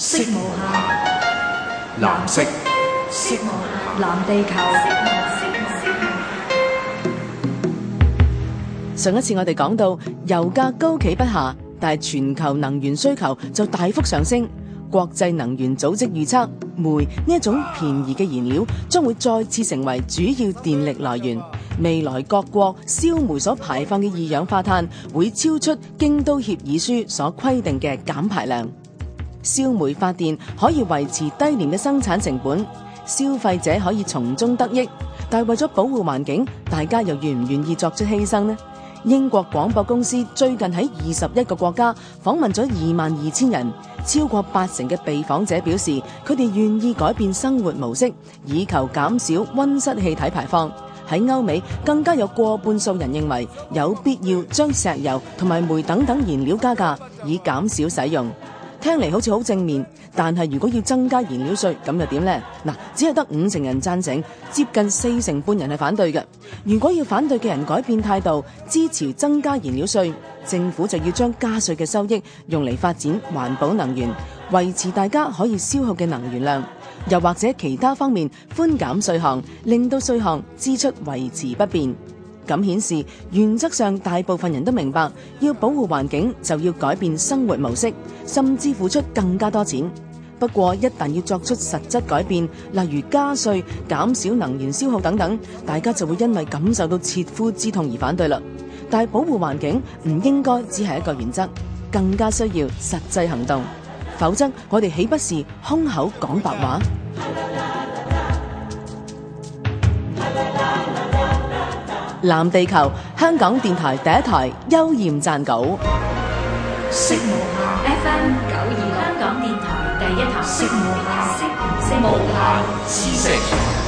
色無暇，藍色。色無暇，藍地球。上一次我哋講到，油價高企不下，但係全球能源需求就大幅上升。國際能源組織預測，煤呢一種便宜嘅燃料將會再次成為主要電力來源。未來各國燒煤所排放嘅二氧化碳，會超出京都協議書所規定嘅減排量。燒煤發電可以維持低廉嘅生產成本，消費者可以從中得益。但係為咗保護環境，大家又願唔願意作出犧牲呢？英國廣播公司最近喺二十一個國家訪問咗二萬二千人，超過八成嘅被訪者表示，佢哋願意改變生活模式，以求減少温室氣體排放。喺歐美，更加有過半數人認為有必要將石油同埋煤等等燃料加價，以減少使用。聽嚟好似好正面，但係如果要增加燃料稅咁又點呢？嗱，只係得五成人贊成，接近四成半人係反對嘅。如果要反對嘅人改變態度，支持增加燃料稅，政府就要將加稅嘅收益用嚟發展環保能源，維持大家可以消耗嘅能源量，又或者其他方面寬減稅項，令到稅項支出維持不變。咁顯示原則上大部分人都明白，要保護環境就要改變生活模式，甚至付出更加多錢。不過，一旦要作出實質改變，例如加稅、減少能源消耗等等，大家就會因為感受到切膚之痛而反對啦。但係保護環境唔應該只係一個原則，更加需要實際行動，否則我哋豈不是空口講白話？藍地球，香港電台第一台，邱焱撰稿。FM 九二六香港電台第一台。